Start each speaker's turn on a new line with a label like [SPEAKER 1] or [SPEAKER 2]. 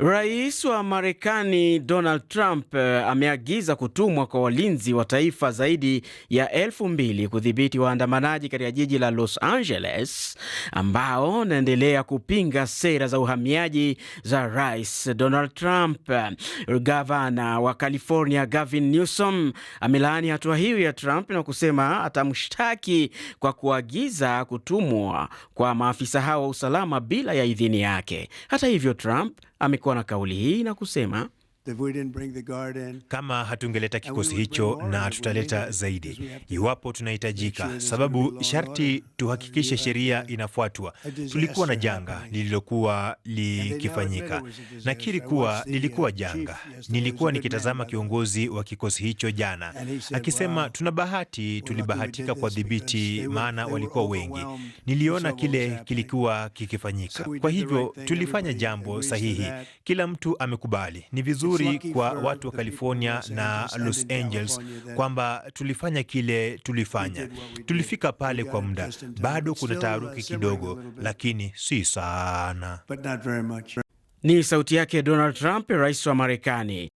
[SPEAKER 1] Rais wa Marekani Donald Trump eh, ameagiza kutumwa kwa walinzi wa taifa zaidi ya elfu mbili kudhibiti waandamanaji katika jiji la Los Angeles ambao wanaendelea kupinga sera za uhamiaji za Rais Donald Trump. Gavana wa California Gavin Newsom amelaani hatua hiyo ya Trump na kusema atamshtaki kwa kuagiza kutumwa kwa maafisa hao wa usalama bila ya idhini yake. Hata hivyo, Trump ame na kauli hii na kusema
[SPEAKER 2] kama hatungeleta kikosi hicho na tutaleta zaidi iwapo tunahitajika, sababu sharti tuhakikishe sheria inafuatwa. Tulikuwa na janga lililokuwa likifanyika. Nakiri kuwa lilikuwa uh, janga. Nilikuwa nikitazama kiongozi wa kikosi hicho jana akisema, tuna bahati, tulibahatika kwa dhibiti maana walikuwa wengi. Niliona kile kilikuwa kikifanyika, kwa hivyo tulifanya jambo sahihi. Kila mtu amekubali, ni vizuri nzuri kwa watu wa California na Los Angeles kwamba tulifanya kile tulifanya. Tulifika pale kwa muda, bado kuna taharuki uh, kidogo, lakini si sana.
[SPEAKER 1] Ni sauti yake Donald Trump, rais wa Marekani.